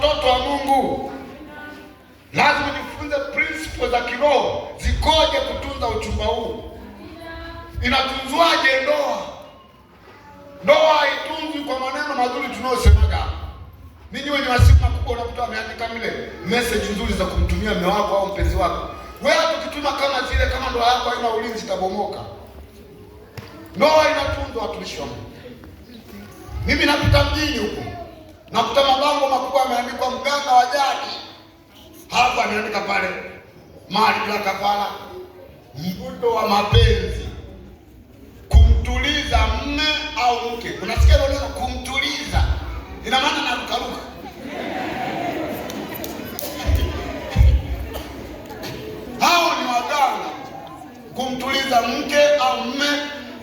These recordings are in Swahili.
watoto wa Mungu lazima nifunze principles za kiroho zikoje, kutunza uchumba huu. Inatunzwaje ndoa? Ndoa haitunzwi kwa maneno mazuri tunayosemaga. Ninyi wenye wasifu makubwa, unakuta ameandika mle message nzuri za kumtumia mume wako au mpenzi wako. Wewe tukituma kama zile, kama ndoa yako haina ulinzi, itabomoka. Ndoa inatunzwa, watumishi wa Mimi napita mjini huko nakuta makubwa ameandikwa mganga wa jadi, halafu ameandika pale mali bila kafara, mvuto wa mapenzi, kumtuliza mme au mke. Unasikia ile neno kumtuliza, ina maana narukaruka hao ni waganga, kumtuliza mke au mme,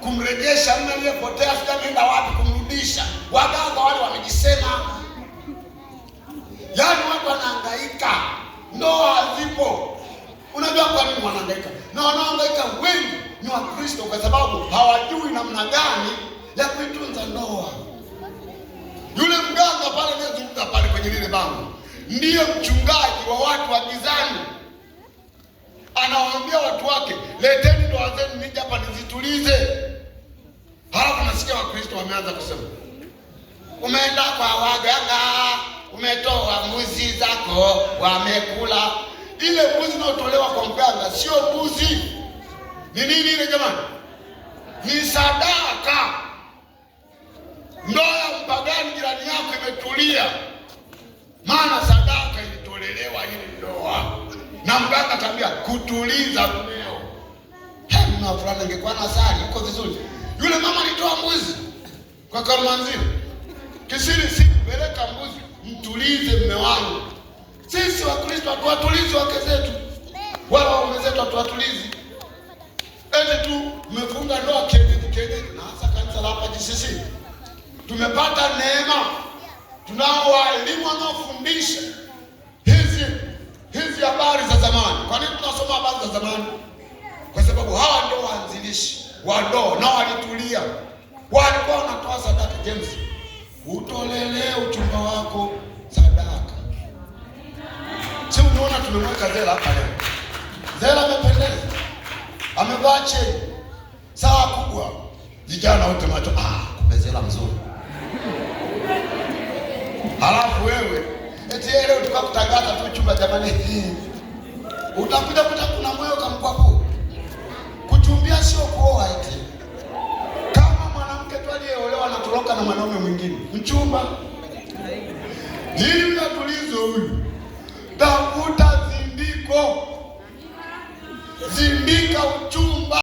kumrejesha mme aliyepotea, sitaenda wapi kumrudisha. Waganga wale wame ndoa hazipo. Unajua kwa nini wanahangaika? Na wanahangaika wengi ni Wakristo kwa sababu hawajui namna gani ya kuitunza ndoa. Yule mganga pale anayezunguka pale kwenye lile bango ndiye mchungaji wa watu wa gizani, anawaambia watu wake, leteni ndoa zenu nije hapa nizitulize. Halafu nasikia Wakristo wameanza kusema wamekula. Ile mbuzi inayotolewa kwa mganga sio mbuzi. Ni nini ile jamani? Ni sadaka. Ndoa ya mpagani jirani yako imetulia, maana sadaka ilitolelewa ile ndoa, na mganga ataambia kutuliza mmeo. Mna fulani angekuwa na sari uko vizuri. Yule mama alitoa mbuzi kwa Karumanzini Kisiri, si peleka mbuzi mtulize mme wangu sisi Wakristo hatuwatulizi wake zetu wala waume zetu, hatuwatulizi eti tu tumefunga ndoa kienyeji kienyeji, na hasa kanisa la hapa GCC tumepata neema, tunao walimu wanaofundisha hizi hizi habari za zamani. Kwa nini tunasoma habari za zamani? Kwa sababu hawa ndio waanzilishi wa ndoa na walitulia, walikuwa wanatoa sadaka. James, utolele uchumba wako tumemweka Zela hapa leo. Zela amependeza, amevaa cheni, saa kubwa, vijana wote macho, ah, kumbe Zela mzuri. Halafu wewe eti yeye leo tukakutangaza tu chumba, jamani, utakuja kuta kuna moyo kamkwapo kuchumbia, sio kuoa eti kama mwanamke tu aliyeolewa anatoroka na mwanaume mwingine mchumba. Nini mtatulizo huyu?